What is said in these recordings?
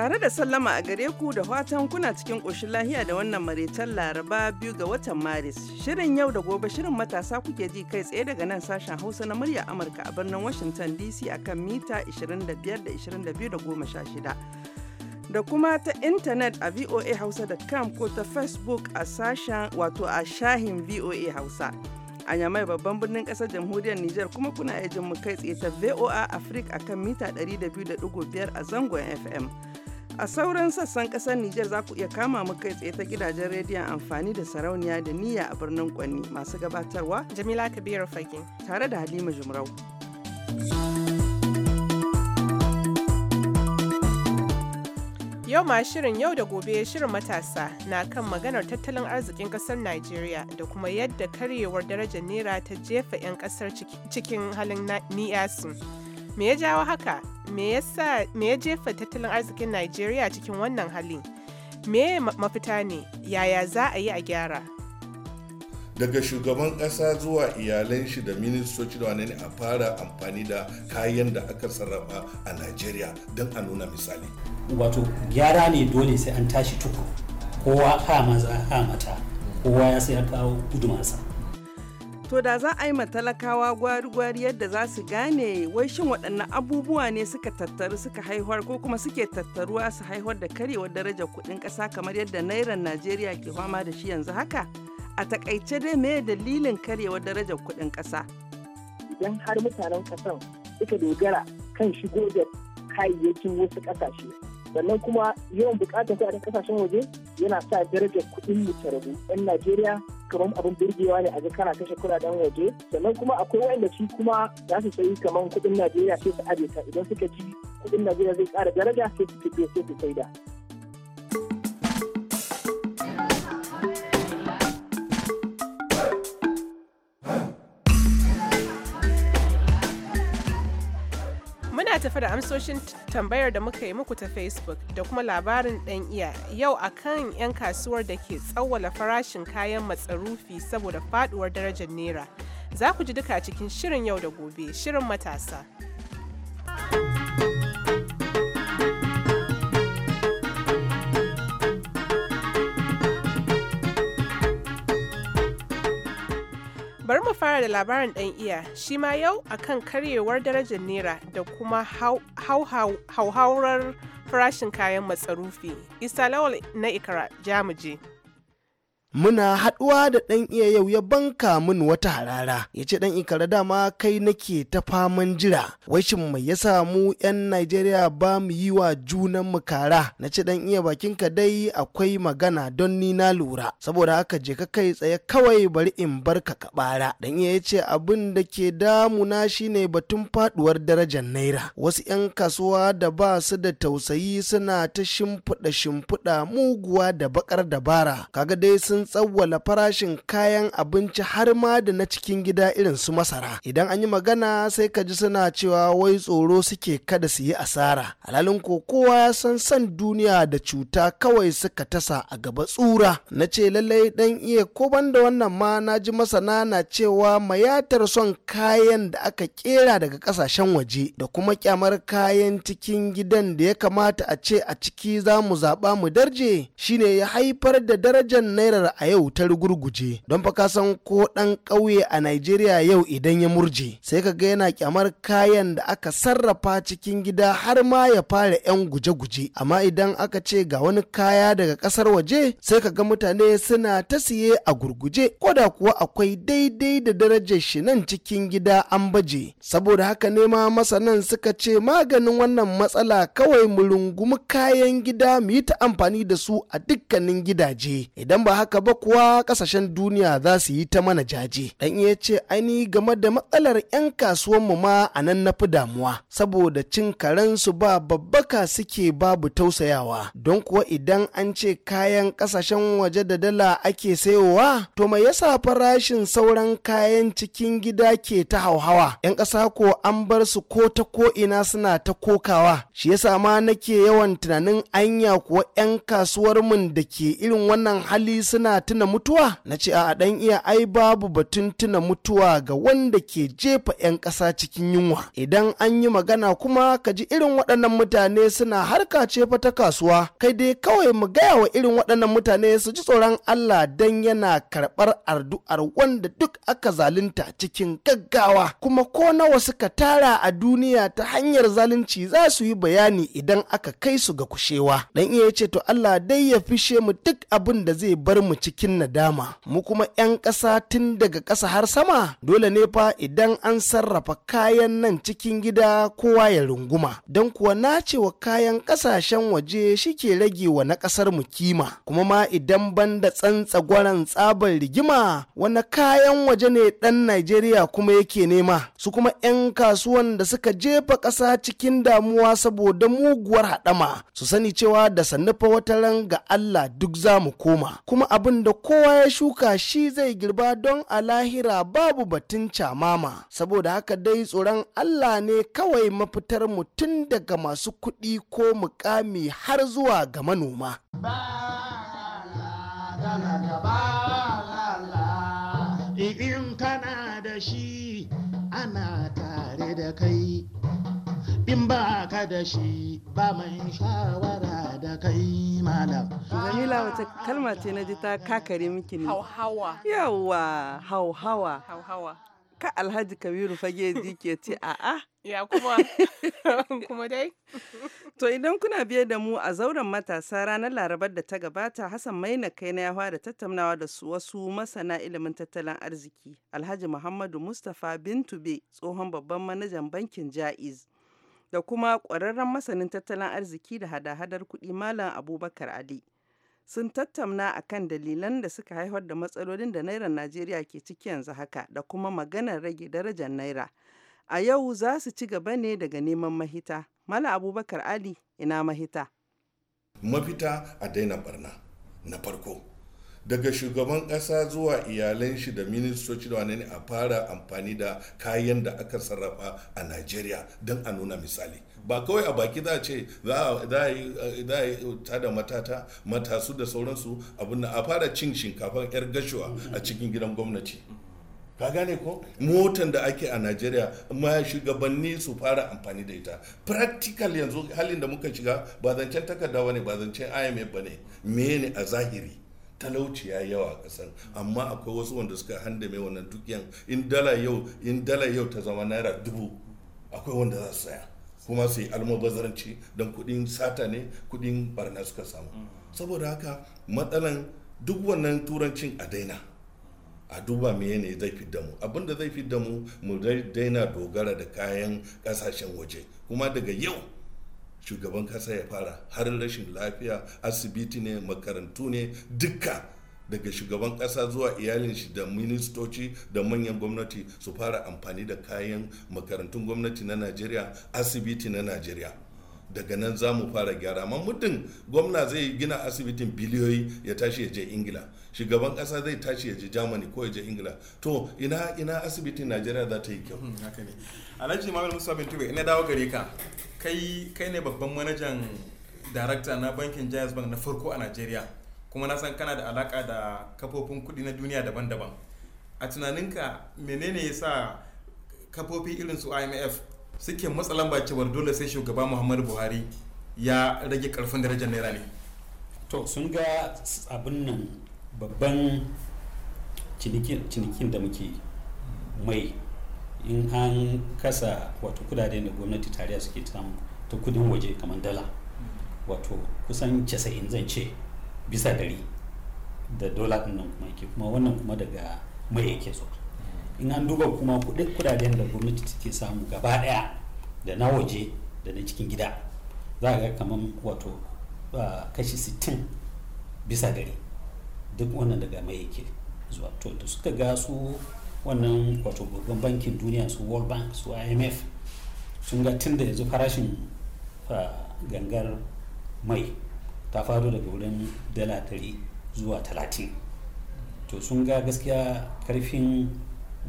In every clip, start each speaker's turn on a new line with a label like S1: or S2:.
S1: Tare da sallama a gare ku da fatan kuna cikin ƙoshin lahiya da wannan maraicen Laraba biyu ga watan Maris. Shirin yau da gobe shirin matasa kuke ji kai tsaye daga nan sashen Hausa na murya Amurka a birnin Washington DC akan mita 25 da da kuma ta intanet a VOA hausa.com ko ta Facebook a sashen wato a shahin VOA Hausa. a Yamai babban birnin kasar jamhuriyar Niger kuma kuna iya mu kai tsaye ta VOA Africa akan mita 200.5 a zangon FM. A sauran sassan ƙasar Nijar za ku iya kama mu kai tsaye ta gidajen rediyon amfani da sarauniya da niyya a birnin Kwanni masu gabatarwa. Jamila Kabiru Fage. Tare da Halima Jumrau.
S2: Yau ma shirin yau da gobe shirin matasa na kan maganar tattalin arzikin kasar Najeriya da kuma yadda karyewar darajar Naira ta jefa 'yan kasar cikin halin ni'yasu. Me ya jawo haka? Me ya jefa tattalin arzikin Najeriya cikin wannan hali? Me mafita ne? Yaya za a yi a gyara?
S3: Daga shugaban ƙasa zuwa iyalan shi da ministoci da wani a fara amfani da kayan da aka sarrafa a Najeriya don a nuna misali. Wato gyara ne dole sai an tashi
S4: tuku. Kowa ha maza ha mata. Kowa ya sai ya kawo gudumarsa
S1: To da za a yi ma talakawa gwari-gwari yadda za su gane wai shin waɗannan abubuwa ne suka tattaru suka haihuwar ko kuma suke tattaruwa su haihuwar da karewar darajar kuɗin ƙasa kamar yadda nairan Najeriya ke fama da shi yanzu haka? A takaice dai me dalilin karewar darajar kuɗin ƙasa?
S5: Idan har mutanen ƙasan suka dogara kan shigo da kayayyakin wasu ƙasashe sannan kuma yawan buƙatar kuɗaɗen ƙasashen waje yana sa darajar kuɗin mu ta rabu 'yan Najeriya kamar abin birgewa ne a ga kana kashe kuɗaɗen waje sannan kuma akwai wanda shi kuma za su sayi kamar kuɗin Najeriya sai su ajiye ta idan suka ci kuɗin Najeriya zai ƙara daraja sai su fito sai su saida
S2: tafi da amsoshin tambayar da muka yi muku ta Facebook da kuma labarin ɗan iya yau a kan 'yan kasuwar da ke tsawwala farashin kayan matsarufi saboda faduwar darajar Naira. Za ku ji duka cikin shirin yau da gobe, shirin matasa. da labarin ɗan iya shi ma yau kan karyewar darajar naira da kuma hauhaurar farashin kayan matsarufi isa lawal na ikara jamuje.
S6: muna haɗuwa da ɗan iya yau ya banka min wata harara ya ce ɗan ikara dama kai nake ta faman jira wai shin mai ya samu 'yan najeriya ba mu yi wa junan mu kara na ce ɗan iya ka dai akwai magana don ni na lura saboda haka je ka kai tsaye kawai bari in bar ka bara ɗan iya ya ce abin da ke damuna shine batun faduwar darajar naira wasu 'yan kasuwa da ba su da tausayi suna ta shimfiɗa shimfiɗa muguwa da baƙar dabara kaga dai sun sun tsawwala farashin kayan abinci har ma da na cikin gida irin su masara idan an yi magana sai ka ji suna cewa wai tsoro suke kada su yi asara alhalin ko kowa ya san san duniya da cuta kawai suka tasa a gaba tsura na ce lallai dan iya ko banda wannan ma na ji masana na cewa mayatar son kayan da aka kera daga kasashen waje da kuma kyamar kayan cikin gidan da ya kamata a ce a ciki za mu zaɓa mu darje shine ya haifar da darajar nairar a yau ta rugurguje don fa san ko ɗan ƙauye a Najeriya yau idan ya murje sai kaga yana kyamar kayan da aka sarrafa cikin gida har ma ya fara 'yan guje-guje amma idan aka ce ga wani kaya daga ƙasar waje sai ka ga mutane suna ta siye a gurguje ko kuwa akwai daidai da darajar shi nan cikin gida an baje saboda haka nema ma masanan suka ce maganin wannan matsala kawai mu rungumi kayan gida mu yi ta amfani da su a dukkanin gidaje idan ba haka gaba kuwa kasashen duniya za su yi ta mana jaje dan iya ce ni game da matsalar 'yan kasuwan mu ma a nan na fi damuwa saboda cin karen su ba babbaka suke babu tausayawa don kuwa idan an ce kayan kasashen waje da dala ake sayowa to mai yasa farashin sauran kayan cikin gida ke ta hauhawa 'yan ƙasa ko an bar su ko ta ko ina suna ta kokawa shi yasa ma nake yawan tunanin anya kuwa 'yan kasuwar mun da ke irin wannan hali suna ana tuna mutuwa na ce a dan iya ai babu batun tuna mutuwa ga wanda ke jefa 'yan ƙasa cikin yunwa idan an yi magana kuma ka ji irin waɗannan mutane suna harka ce ta kasuwa kai dai kawai mu gaya wa irin waɗannan mutane su ji tsoron Allah dan yana karɓar addu'ar wanda duk aka zalunta cikin gaggawa kuma ko nawa suka tara a duniya ta hanyar zalunci za su yi bayani idan aka kai su ga kushewa dan iya ce to Allah dai ya fishe mu duk abin da zai bar mu cikin nadama mu kuma 'yan ƙasa tun daga ƙasa har sama dole ne fa idan an sarrafa kayan nan cikin gida kowa ya runguma don kuwa na nacewa kayan ƙasashen waje shike rage wa na ƙasar mu kima kuma ma idan banda tsantsa gwaran tsabar rigima wani kayan waje ne ɗan Najeriya kuma yake nema su kuma 'yan kasuwan da suka jefa ƙasa cikin damuwa saboda muguwar haɗama su sani cewa da sannufa ran ga Allah duk za mu koma kuma abin abin da kowa ya shuka shi zai girba don a lahira babu batun camama saboda haka dai tsoron allah ne kawai mafitar mutum daga masu kuɗi ko mukami har zuwa ga manoma eh, in kana da shi ana tare da kai in ba
S1: ka da shi
S6: ba mai shawara da kai malam
S1: jamila wata kalma ce na ji ta kakare miki ne
S2: hauhawa
S1: yawa hauhawa hauhawa ka alhaji kabiru fage ji ke ce a'a ya kuma kuma dai to idan kuna biye da mu a zauren matasa ranar larabar da ta gabata hassan maina kai na yawa da tattaunawa da su wasu masana ilimin tattalin arziki alhaji muhammadu mustapha bintube tsohon babban manajan bankin ja'iz da kuma ƙwararren masanin tattalin arziki da hada-hadar kuɗi Malam Abubakar Ali. Sun tattauna a kan dalilan da suka haifar da matsalolin da Naira Najeriya ke ciki yanzu haka da kuma maganar rage darajar Naira. A yau za su ci gaba ne daga neman mahita. Malam Abubakar Ali ina mahita.
S3: Mafita a daina barna na farko. daga shugaban ƙasa zuwa iyalan shi da ministoci da wani a fara amfani da kayan da aka sarrafa a najeriya don a nuna misali ba kawai a baki za a ce za a yi da matata matasu da sauransu abin a fara cin shinkafan 'yar gashuwa a cikin gidan gwamnati ka gane ko motan da ake a najeriya ma shugabanni su fara amfani da ita practical yanzu halin da muka shiga ba zancen takarda ba ne ba zancen imf ba ne mene a zahiri talauci ya yawa a kasar amma akwai wasu wanda suka handame wannan dukiyan in dala yau in dala yau ta zama naira dubu akwai wanda za su saya kuma su yi almubazaranci don kudin sata ne kudin barna suka samu saboda haka matsalan duk wannan turancin a daina a duba me ne zai fi damu abinda zai fi damu mu daina dogara da kayan kasashen waje kuma daga yau shugaban kasa ya fara har rashin lafiya asibiti ne makarantu ne dukka daga shugaban kasa zuwa iyalin shi da ministoci da manyan gwamnati su fara amfani da kayan makarantun gwamnati na najeriya asibiti na najeriya daga nan za mu fara gyara amma gwamna zai gina asibitin biliyoyi ya tashi ya je ingila shugaban kasa zai tashi ya je germany ko ya je ingila to ina ina asibitin najeriya za ta yi kyau hmm, haka ne alhaji mamal musa bintube ina dawo gare ka
S7: kai kai ne babban manajan darakta na bankin jazz bank na farko a najeriya kuma na san kana da alaka da kafofin kuɗi na duniya daban-daban a tunaninka menene ya sa kafofi irin su imf suke matsalan ba cewar dole sai shugaba muhammadu buhari ya rage karfin darajar naira ne to sun ga
S4: abin nan babban cinikin da muke mai in an kasa wato kudaden da gwamnati tariya suke samu ta kudin waje kamar dala wato kusan 90 zan ce bisa dari da dola din nan kuma yake kuma wannan kuma daga mai yake so in an duba kuma kudaden da gwamnati take samu gaba daya da na waje da na cikin gida za a ga kamar wato ah, kashi 60 bisa dari duk wannan daga mai yake zuwa to da suka ga su wannan wato babban bankin duniya su world bank su imf sun ga tun da yanzu farashin gangar mai ta faru daga wurin dala 100 zuwa 30 to sun ga gaskiya karfin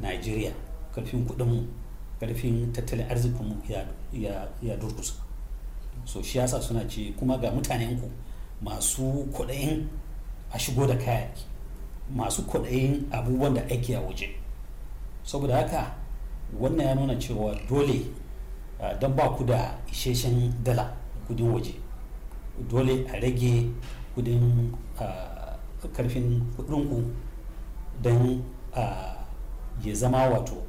S4: nigeria karfin kudinmu karfin tattalin arzikinmu ya durkusa so shi yasa suna ce kuma ga mutanenku masu kudin a shigo da kayaki masu kwaɗayin abubuwan da ake a waje saboda haka wannan ya nuna cewa dole don ba ku da isheshen dala kudin waje dole a rage kudin karfin kudinku don ya zama wato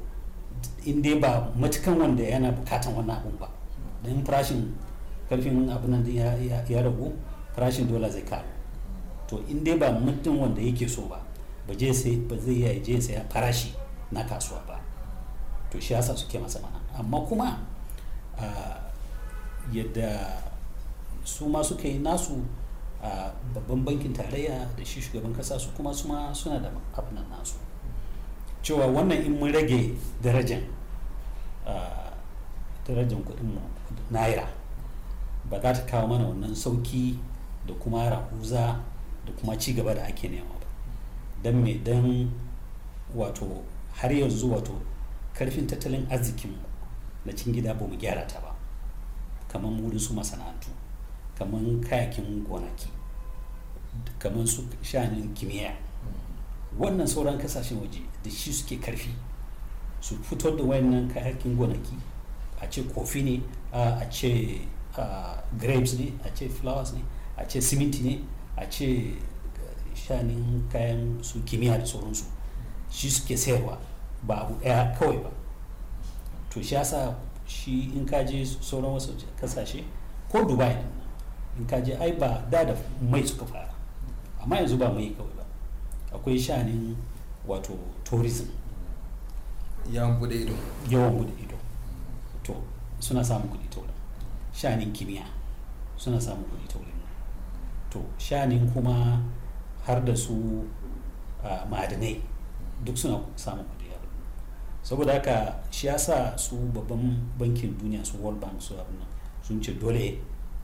S4: inda ba matukan wanda yana bukatan wannan abun ba don farashin karfin abin ya ragu farashin dola zai karu to in dai ba mutum wanda yake so ba ba je sai ba zai iya je sai farashi na kasuwa ba to shi yasa suke masa mana amma kuma yadda su ma suka yi nasu a babban bankin tarayya da shi shugaban kasa su kuma su ma suna da abinan nasu cewa wannan in mun rage darajan darajan kudin naira ba za ta kawo mana wannan sauki da kuma rahuza da kuma ci gaba da ake nema ba don me don wato har yanzu wato karfin tattalin arzikin na cin gida ba mu gyara ta ba kamar wurin su masana'antu kamar kayakin gonaki kamar su shanin kimiyya wannan sauran kasashen waje da shi suke karfi su fito da wayannan kayakin gonaki a ce kofi ne a ce grapes ne a ce flowers ne a ce siminti ne a ce shanin kayan su kimiyya da sauransu shi suke sayarwa ba abu ɗaya kawai ba to shi yasa shi in ka je sauran wasu kasashe ko dubai in ka je ai ba da da mai suka fara amma yanzu ba mai kawai ba akwai shanin wato tourism yawan bude ido yawan bude ido to suna samun kuɗi ta shanin kimiyya suna samun kuɗi ta to shanin kuma har da su ma'adanai duk suna samun kudi saboda haka shi ya sa su babban bankin duniya su world bank su abin sun ce dole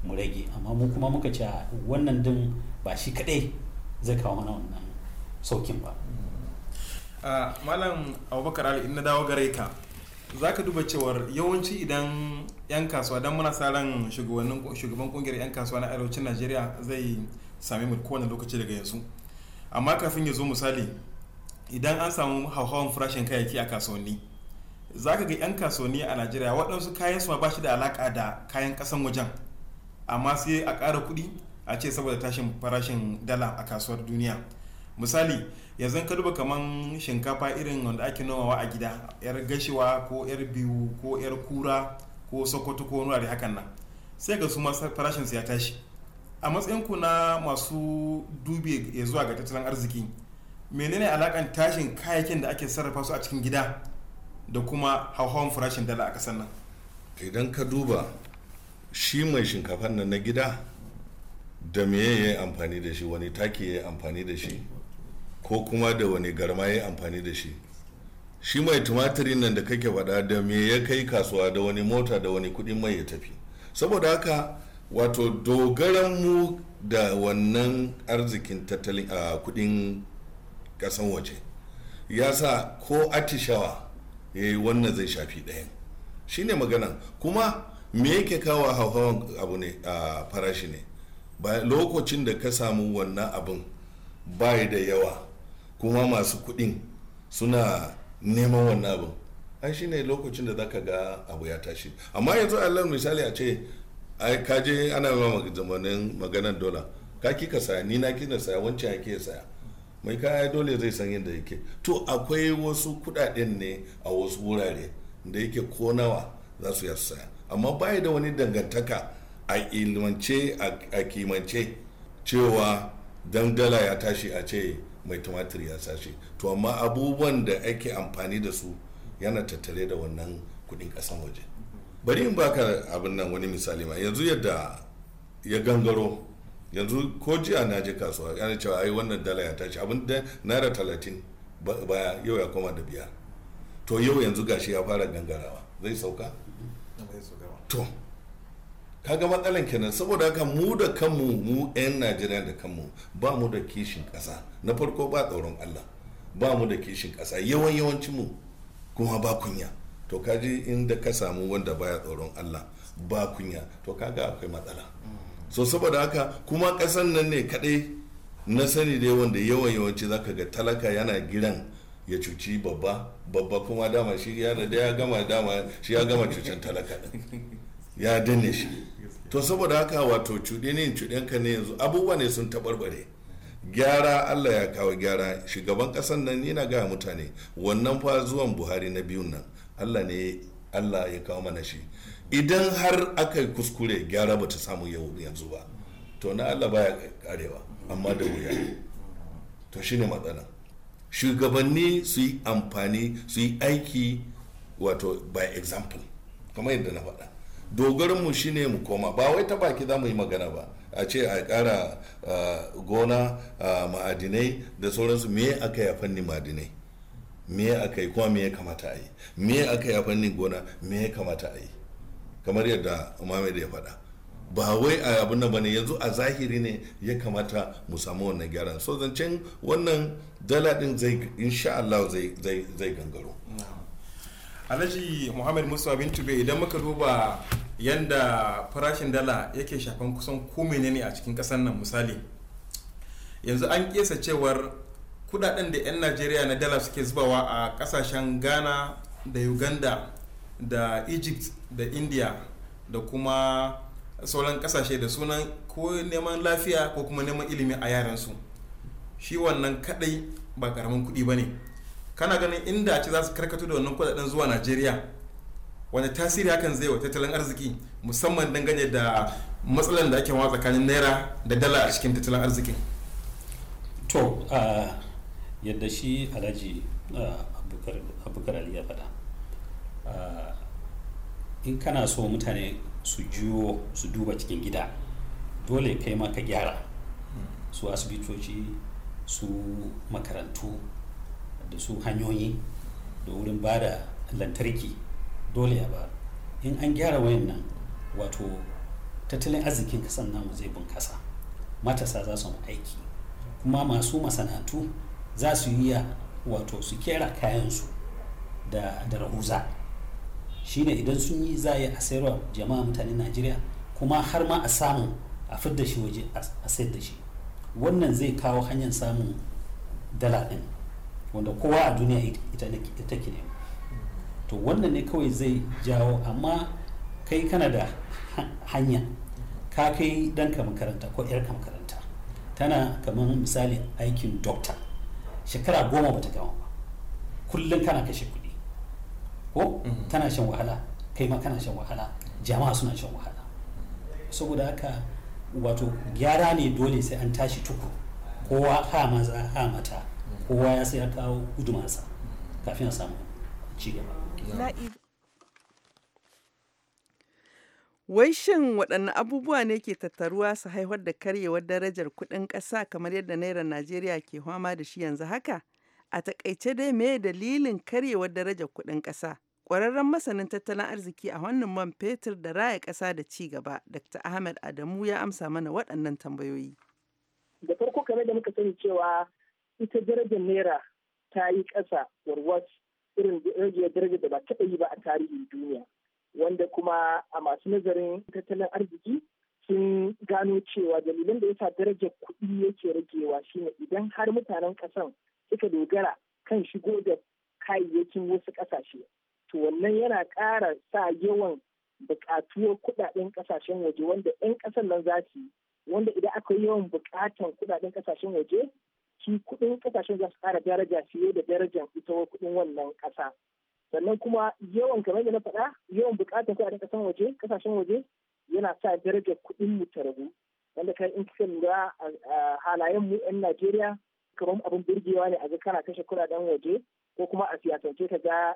S4: mu rage amma mu kuma muka ce wannan din ba shi kadai zai kawo mana wannan saukin ba
S7: malam abubakar ali in na dawo gare ka za ka duba cewar yawanci idan 'yan kasuwa don muna sa ran shugaban kungiyar 'yan kasuwa na arewacin najeriya zai sami mu kowane lokaci daga yanzu amma kafin ya zo misali idan an samu hauhawan farashin kayayyaki a kasuwanni za ka ga 'yan kasuwanni a najeriya waɗansu kayan su ba shi da alaƙa da kayan ƙasan wajen amma sai a ƙara kuɗi a ce saboda tashin farashin dala a kasuwar duniya misali yanzu ka duba kaman shinkafa irin wanda ake nomawa a gida yar gashiwa ko yar biyu ko yar kura ko sokoto ko wani hakan nan sai ga su farashin su ya tashi a matsayin ku na masu dubi ya zuwa ga tattalin arziki menene alakan tashin kayayyakin da ake sarrafa su a cikin gida
S3: da kuma hauhawan farashin dala a kasar nan idan ka duba shi mai shinkafan nan na gida da me ya amfani da shi wani take ya amfani da shi ko kuma da wani garma ya amfani da shi shi mai tumatirin nan da kake faɗa da me ya kai kasuwa da wani mota da wani kuɗin mai ya tafi saboda haka wato dogaran mu da wannan arzikin tattalin a kuɗin ƙasan waje ya sa ko atishawa ya yi wannan zai shafi ɗaya shi ne maganan kuma me yake kawo hauhawan abu ne a farashi ne lokacin da ka samu wannan abin bai da yawa kuma masu kuɗin suna neman wannan abin ai shine lokacin da zaka ga abu ya tashi amma yanzu allah misali a ce ai ka ana wa zamanin maganar dola ka kika saya ni na kina saya wancan ya ke saya mai kaya dole zai san yadda yake to akwai wasu kudaden ne a wasu wurare da yake ko nawa za su yasu saya amma bai da wani dangantaka a ilmance a kimance cewa dangala ya tashi a ce mai tumatir ya sashe to amma abubuwan da ake amfani da su yana tattare da wannan kudin kasan waje bari in baka abin nan wani misali ma yanzu yadda ya gangaro yanzu ko jiya na je kasuwa yana cewa ai wannan dala ya tashi abin da naira talatin baya yau ya koma da biyar to yau yanzu gashi ya fara gangarawa zai sauka to kaga matsalan kenan saboda haka mu da kanmu mu 'yan najeriya da kanmu ba mu da kishin ƙasa na farko ba tsoron allah ba mu da kishin ƙasa yawan yawanci mu kuma ba kunya to kaji inda ka samu wanda baya tsoron allah ba kunya to kaga akwai matsala so saboda haka kuma ƙasan nan ne kaɗai na sani dai wanda yawan yawanci zaka ga talaka yana giran ya cuci babba babba kuma dama shi ya da ya gama dama shi ya gama cucin talaka ya danne shi to saboda haka wato cuɗinin ka ne yanzu abubuwa ne sun taɓarɓare gyara allah ya kawo gyara shugaban ƙasan nan yana gaya mutane wannan fa zuwan buhari na biyun nan allah ne allah ya kawo mana shi idan har aka kuskure gyara bata samu yau yanzu ba to na allah baya karewa amma da wuya to shine matsala shugabanni su yi amfani su yi aiki wato by example kamar yadda na faɗa dogarinmu shine mu koma ba wai ta baki za mu yi magana ba a ce a kara gona ma'adinai da sauransu me aka yi fanni ma'adinai me aka yi kuma me ya kamata a yi me aka yi fannin gona me ya kamata a yi kamar yadda Muhammad ya faɗa ba wai a abin nan bane yanzu a zahiri ne ya kamata mu samu wannan gyaran so zancen wannan dala din zai insha Allah zai gangaro alhaji
S7: muhammad musa
S3: bintube idan muka duba yadda
S7: farashin dala yake shafan kusan ko ne a cikin kasar nan misali yanzu an kesa cewar kudaden da 'yan najeriya na dala suke zubawa a kasashen ghana da uganda da egypt da india da kuma sauran kasashe da sunan ko neman lafiya ko kuma neman ilimi a yaransu shi wannan kadai ba karamin kudi ba ne kana ganin inda ce za su karkato da wannan kudaden zuwa najeriya wani tasiri hakan zai wa tattalin arziki musamman dangane da matsalar da ake wa tsakanin naira da dala a cikin tattalin arzikin
S4: to yadda shi alhaji abubakar ali ya faɗa in kana so mutane su juyo su duba cikin gida dole kai ma ka gyara su asibitoci su makarantu da su hanyoyi da wurin ba da lantarki dole ya ba in an gyara wayan nan wato tattalin arzikin kasan namu zai bunkasa matasa za su aiki kuma masu masana'antu za su yi wato su kera kayansu da, da rahuza shine idan sun yi za a yi a sayarwa jama'a mutanen najeriya kuma har ma a samu a fidda shi waje a sayar da shi wannan zai kawo hanyar samun dala ɗin wanda kowa a duniya ita ke ne to wannan ne kawai zai jawo amma kai kana da hanya ka kai ka makaranta ko 'yarka makaranta tana kamar misali aikin dokta shekara goma bata gama ba kullum kana kashe kuɗi ko mm-hmm. tana shan wahala kai ma kana shan wahala jama'a suna shan wahala saboda haka wato gyara ne dole sai an tashi tuku kowa ha maza ha mata kowa ya sai ya kawo gudumarsa kafin a samu
S2: ci gaba
S1: Wai shin waɗanne abubuwa ne ke tattaruwa su haifar da karyewar darajar kuɗin ƙasa kamar yadda Naira Najeriya ke fama da shi yanzu haka? A takaice dai me dalilin karyewar darajar kuɗin ƙasa? Ƙwararren masanin tattalin arziki a wannan man fetur da raya ƙasa da ci gaba, Dr. Ahmed Adamu ya amsa mana waɗannan tambayoyi.
S5: Da farko kamar da muka sani cewa ita darajar naira ta yi ƙasa warwas irin rage darajar da ba taɓa yi ba a tarihin duniya wanda kuma a masu nazarin tattalin arziki sun gano cewa dalilin da yasa darajar kuɗi yake ragewa shine idan har mutanen ƙasan suka dogara kan shigo da kayayyakin wasu ƙasashe to wannan yana ƙara sa yawan buƙatuwar kuɗaɗen ƙasashen waje wanda 'yan ƙasan nan za su yi wanda idan aka yi yawan buƙatan kuɗaɗen ƙasashen waje su kudin kasashen za su daraja fiye da darajar ita kudin wannan kasa sannan kuma yawan kamar da na faɗa yawan buƙatar a ƙasan waje ƙasashen waje yana sa darajar kuɗin mu ta ragu wanda kan in kika lura halayen mu 'yan Najeriya kamar abin burgewa ne a ga kana kashe kuɗaɗen waje ko kuma a siyasance ka ga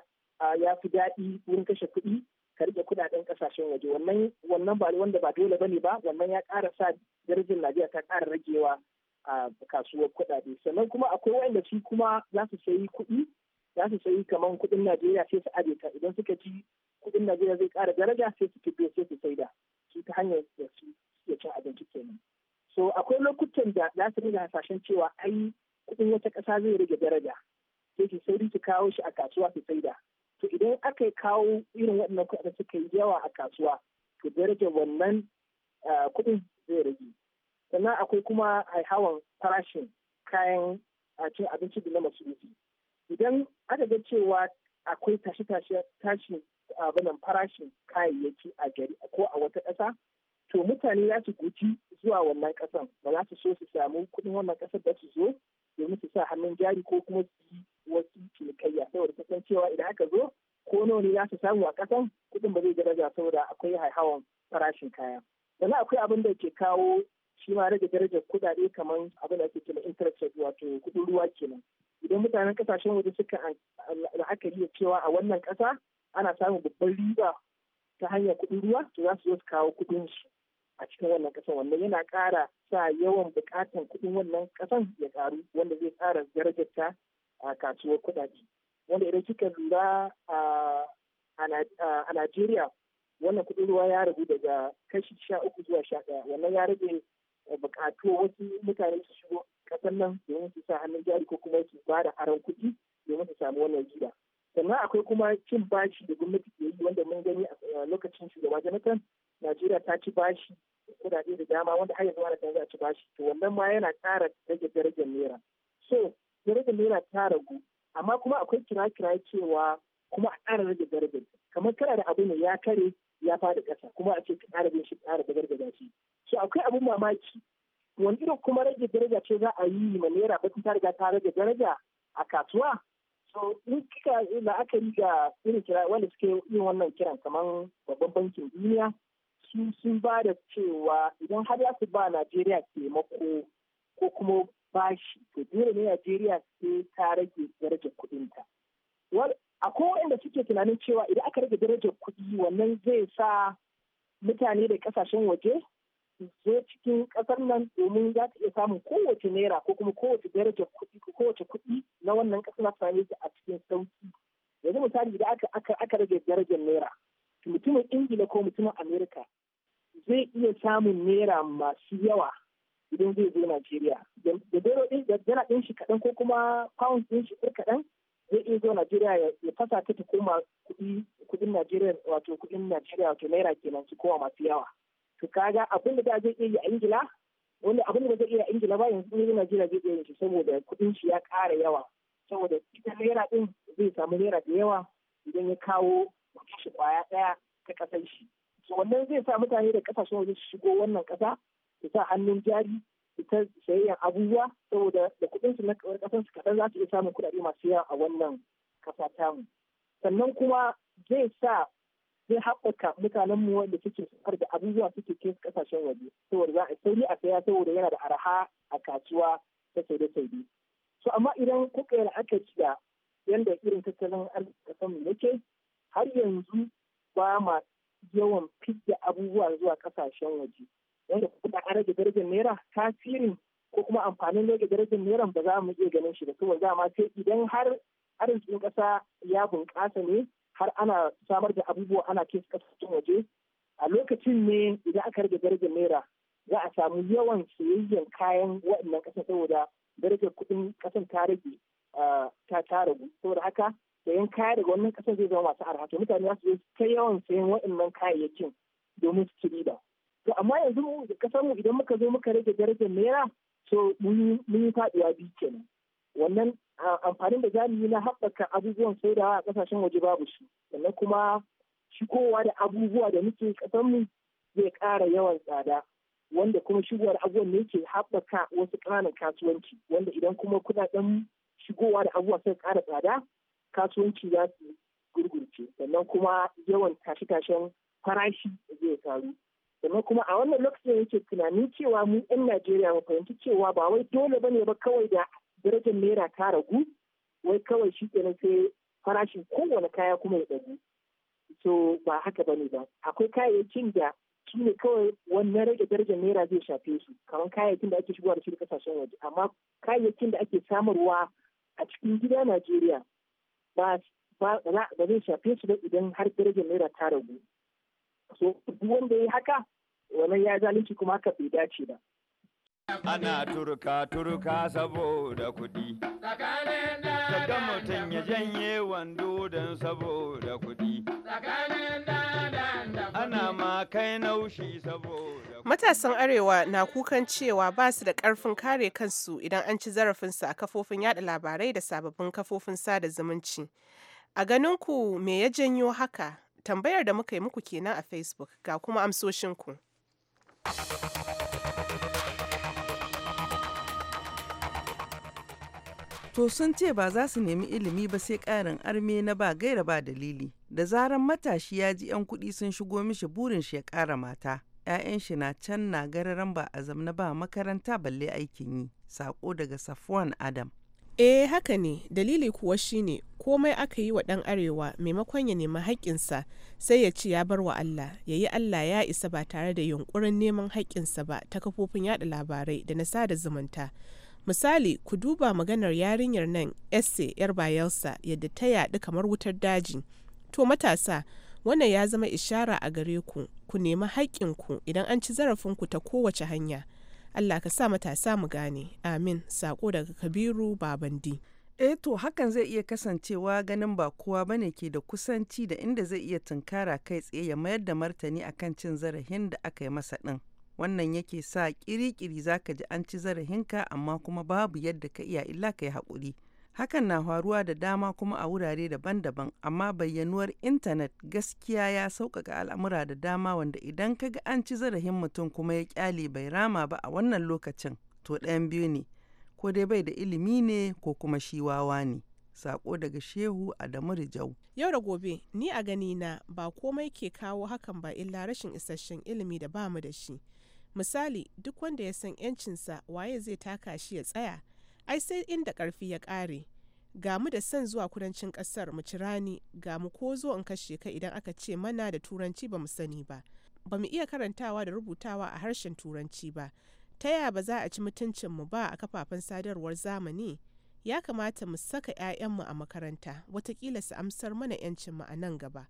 S5: ya fi daɗi wurin kashe kuɗi ka riƙe kuɗaɗen kasashen waje wannan wannan ba wanda ba dole ba ne ba wannan ya ƙara sa darajar Najeriya ta ƙara ragewa a kasuwar kuɗaɗe sannan kuma akwai wanda su kuma za su sayi kuɗi za su sayi kamar kuɗin najeriya sai su aje ta idan suka ji kuɗin najeriya zai kara daraja sai su tafiya sai su saida su ta hanyar da su ya cin abinci kenan so akwai lokutan da za su rage hasashen cewa ai kuɗin wata ƙasa zai rage daraja sai su sauri su kawo shi a kasuwa su saida to idan aka kawo irin waɗannan kuɗaɗen suka yi yawa a kasuwa to darajar wannan eh, kuɗin zai rage sannan akwai kuma hawan farashin kayan cin abinci da na masarufi idan aka ga cewa akwai tashi tashi tashin abinan farashin kayayyaki a gari ko a wata ƙasa to mutane ya su guji zuwa wannan ƙasan ba za su so su samu kuɗin wannan ƙasar da su zo domin su sa hannun jari ko kuma su yi wasu cinikayya saboda kasan cewa idan aka zo ko nawa ne za su samu a ƙasan kuɗin ba zai daraja saboda akwai haihawan farashin kaya sannan akwai abin da ke kawo shi ma rage darajar kudade kamar abin da ake cewa interest wato kudin ruwa kenan idan mutanen kasashen waje suka la'akari da cewa a wannan kasa ana samun babban riba ta hanyar kudin ruwa to za su zo su kawo kudin su a cikin wannan kasan wannan yana kara sa yawan bukatan kudin wannan kasan ya ƙaru wanda zai ƙara darajar ta a kasuwar kudade wanda idan kika lura a Najeriya wannan kudin ruwa ya rabu daga kashi sha uku zuwa sha ɗaya wannan ya rage bukatu wasu mutane su shigo kasan nan domin su sa hannun jari ko kuma su ba da aron kuɗi domin su samu wannan gida sannan akwai kuma cin bashi da gwamnati ke yi wanda mun gani a lokacin shugaba jonathan najeriya ta ci bashi kudade da dama wanda har yanzu ana canza a ci bashi to wannan ma yana ƙara rage darajar naira so darajar naira ta ragu amma kuma akwai kira-kira cewa kuma a ƙara rage darajar kamar kana da abu ne ya kare ya fada ƙasa kuma a ce ka ƙara bin shi ƙara dagargaza shi so akwai abin mamaki wani irin kuma rage daraja ce za a yi ma naira ba ta riga ta rage daraja a kasuwa so in kika la'akari ga irin kira wanda suke yin wannan kiran kamar babban bankin duniya su sun ba da cewa idan har ya su ba najeriya taimako ko kuma bashi to dole ne najeriya sai ta rage daraja kuɗinta akwai waɗanda suke tunanin cewa idan aka rage darajar kuɗi wannan zai sa mutane da ƙasashen waje zo cikin ƙasar nan domin za ta iya samun kowace naira ko kuma kowace darajar kuɗi ko kowace kuɗi na wannan ƙasa na same ta a cikin sauki yanzu misali idan aka aka aka rage darajar naira mutumin ingila ko mutumin amerika zai iya samun naira masu yawa idan zai zo najeriya da dero ɗin da dala ɗin shi kaɗan ko kuma pound ɗin shi kaɗan zai iya zo Najeriya ya fasa ta ta koma kudin Najeriya wato kudin Najeriya wato naira kenan su kowa masu yawa. To kaga abin da da zai iya yi a Ingila wanda abin da zai iya a Ingila ba yanzu ne Najeriya zai iya yin shi saboda kudin shi ya ƙara yawa saboda ita naira din zai samu naira da yawa idan ya kawo kudin kwaya ɗaya ta ƙasar shi. to wannan zai sa mutane da ƙasashen waje su shigo wannan ƙasa su sa hannun jari ta sayayyan abubuwa saboda da su na ƙasar su kaɗan za su iya samun kuɗaɗe masu yawa a wannan ƙasa tamu sannan kuma zai sa zai haɓaka mutanen mu wanda suke sukar da abubuwa suke kai ƙasashen waje saboda za a sauri a saya saboda yana da araha a kasuwa ta saide saide so amma idan kuka yi la'akari da yanda irin tattalin arzikin ƙasar mu yake har yanzu ba ma yawan fidda abubuwa zuwa ƙasashen waje wanda kuma an rage darajar naira tasirin ko kuma amfanin rage darajar naira ba za mu iya ganin shi da saboda zama sai idan har arzikin kasa ya bunƙasa ne har ana samar da abubuwa ana kai su waje a lokacin ne idan aka rage darajar naira za a samu yawan soyayyen kayan waɗannan ƙasa saboda darajar kuɗin ƙasan ta rage ta ta ragu saboda haka sayan kaya daga wannan ƙasar zai zama masu arha to mutane za su je ta yawan sayan waɗannan kayayyakin domin su ci riba to amma yanzu da kasar mu idan muka zo muka rage darajar naira so mun yi faduwa biyu kenan wannan amfanin da zamu na haɓaka abubuwan saidawa a kasashen waje babu shi sannan kuma shigowa da abubuwa da muke kasar mu zai ƙara yawan tsada wanda kuma shigowar abubuwan ne ke haɓaka wasu ƙananan kasuwanci wanda idan kuma kuɗaɗen shigowa da abubuwa suka ƙara tsada kasuwanci za su gurgurce sannan kuma yawan tashe-tashen farashi zai faru sannan kuma a wannan lokacin yake tunani cewa mu 'yan Najeriya mu fahimci cewa ba wai dole bane ba kawai da darajar naira ta ragu wai kawai shi kenan sai farashin kowane kaya kuma ya ɗagu so ba haka bane ba akwai kayayyakin da shi ne kawai wannan rage darajar naira zai shafe su kamar kayayyakin da ake shigowa da shi da kasashen waje amma kayayyakin da ake samarwa a cikin gida Najeriya ba ba zai shafe su ba idan har darajar naira ta ragu so duk wanda ya haka wannan ya zalunci kuma haka bai dace ba.
S7: Ana turka turka saboda kuɗi.
S1: Daga mutum ya
S7: janye wando don saboda kuɗi. Ana ma kai naushi saboda
S2: Matasan Arewa na kukan cewa ba su da ƙarfin kare kansu idan an ci zarafinsu a kafofin yada labarai da sababbin kafofin sada zumunci. A ganinku me ya janyo haka? Tambayar da muka yi muku kenan a Facebook ga kuma amsoshinku. ku.
S1: To sun ce ba za su nemi ilimi ba sai ƙarin arme na ba gaira ba dalili. Da zaran matashi ya ji 'yan kuɗi sun shigo mishi burin shi ya ƙara mata. 'Ya'yan shi na can na gararan ba azam na ba makaranta balle aikin yi. Sako daga Safwan Adam. Eh haka ne, dalili kuwa shine komai aka yi wa ɗan arewa
S2: maimakon ya nemi haƙƙinsa sai ya ci ya bar wa Allah, ya yi Allah ya isa ba tare da yunƙurin neman haƙƙinsa ba ta kafofin yada labarai da na sada zumunta. Misali, ku duba maganar yarinyar nan Esse 'yar bayelsa yadda ta yaɗu kamar wutar daji. To matasa, wannan ya zama ishara a gare ku, ku nemi haƙƙinku idan an ci zarafinku ta kowace hanya. Allah ka sa matasa mu gane amin sako daga
S1: kabiru babandi eh to hakan zai iya kasancewa ganin ba kowa bane ke da kusanci da inda zai iya tunkara kai tsaye ya mayar da martani akan cin zarafin da aka yi masa din wannan yake sa kiri-kiri kiri-kiri zaka ji an ci zarafinka amma kuma babu yadda ka iya illa ka yi haƙuri Hakan na faruwa da dama kuma a wurare daban-daban, amma bayyanuwar intanet gaskiya ya sauƙaƙa al'amura da dama wanda idan ka ga an ci zarafin mutum kuma ya ƙyale bai rama ba a wannan lokacin, to ɗayan biyu ne, ko dai bai da ilimi ne ko kuma shi wawa ne. Sako daga Shehu Adamu Rijau.
S2: Yau da gobe, ni a gani na ba komai ke kawo hakan ba illa rashin isasshen ilimi da bamu da shi. Misali, duk wanda ya san 'yancinsa waye zai taka shi ya tsaya. ai sai inda ƙarfi ya ƙare ga mu da son zuwa kudancin ƙasar mu ci rani ga mu ko zo in kashe ka idan aka ce mana da turanci ba mu sani ba ba mu iya karantawa da rubutawa a harshen turanci ba ta yaya ba za a ci mutuncin mu ba a kafafen sadarwar zamani ya kamata mu saka 'ya'yanmu a makaranta watakila su amsar mana 'yancin mu a nan gaba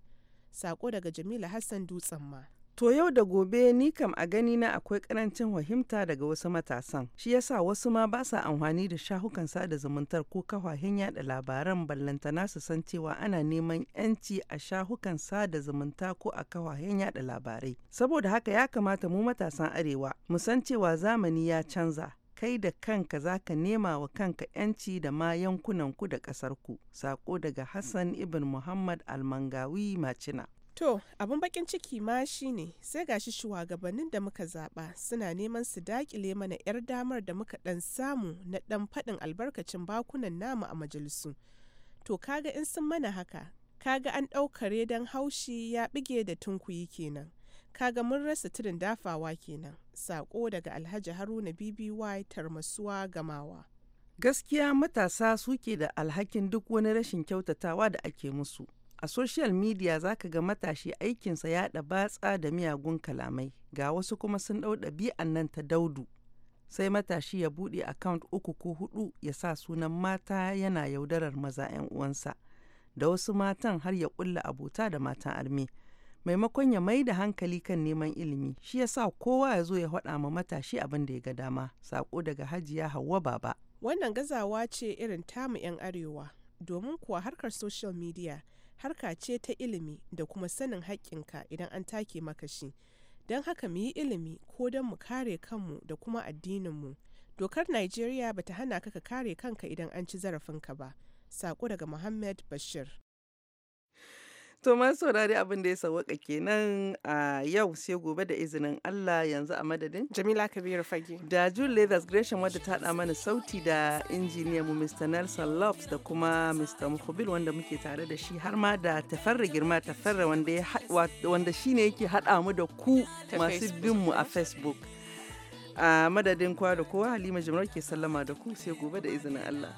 S2: sako daga jamila hassan dutsen ma
S1: To yau da gobe ni kam a gani na akwai karancin fahimta daga wasu matasan. Shi yasa wasu ma ba sa amfani da shahukan sada zumuntar ko kafafen yada labaran ballantana su san cewa ana neman yanci a shahukan sada zumunta ko a kafafen yada labarai. Saboda haka ya kamata mu matasan arewa mu san cewa zamani ya canza. Kai da kanka za ka nema wa kanka yanci da ma yankunanku da ƙasarku. Sako daga Hassan Ibn Muhammad Almangawi Macina.
S2: To, abin bakin ciki ma shi ne sai gashi shugabannin da muka zaba suna neman su dakile mana 'yar damar da muka dan samu na dan faɗin albarkacin bakunan namu a majalisu. To, kaga in sun mana haka, kaga an ɗaukare don haushi ya bige da tunkuyi kenan. Kaga mun rasa tudun dafawa kenan. Sako daga Alhaji Haruna BBY tarmasuwa gamawa.
S1: Gaskiya matasa suke da alhakin duk wani rashin kyautatawa da ake musu. A social media za ka ga matashi aikinsa yaɗa batsa da miyagun kalamai, ga wasu kuma sun ɗau ɗabi'an nan ta daudu, sai matashi ya buɗe account uku ko huɗu ya sa sunan mata yana yaudarar maza 'yan uwansa, da wasu matan har ya ƙulla abota da matan arme. Maimakon ya mai da hankali kan neman ilimi, shi ya sa kowa ya zo ya haɗa ma matashi abin da ya ga dama, sako daga Hajiya Hauwa Baba. Wannan
S2: gazawa ce irin tamu 'yan Arewa, domin kuwa harkar social media harka ce ta ilimi da kuma sanin haƙƙinka idan an take maka shi don haka mu yi ilimi ko don mu kare kanmu da kuma addininmu dokar nigeria ba ta hana ka ka kare kanka idan an ci zarafinka ba saƙo daga muhammad bashir
S1: To man saurari abin da ya sauwaka kenan a yau sai gobe da izinin Allah yanzu a madadin. Jamila Kabiru Fage. Da June Leathers Gresham wadda ta da mana sauti da injiniya mu Mr. Nelson Loves da kuma Mr. Mukubil wanda muke tare da shi har ma da tafarra girma tafarra wanda, wanda shi ne yake haɗa mu da ku masu bin mu a Facebook. A madadin kwa da kowa Halima Jimrar ke sallama da ku sai gobe da izinin Allah.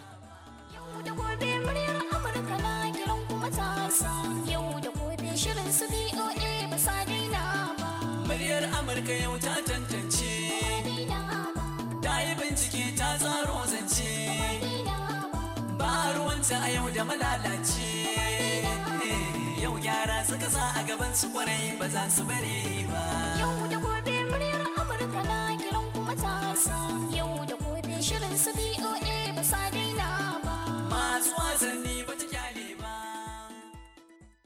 S6: Yau da gobe muryar Amurka na kiran kuma ta malalace
S1: yau gyara suka sa a gaban su kwarai ba za su bari ba
S6: yau da gobe muryar amurka na kiran kuma ta yau da gobe shirin su boa ba sa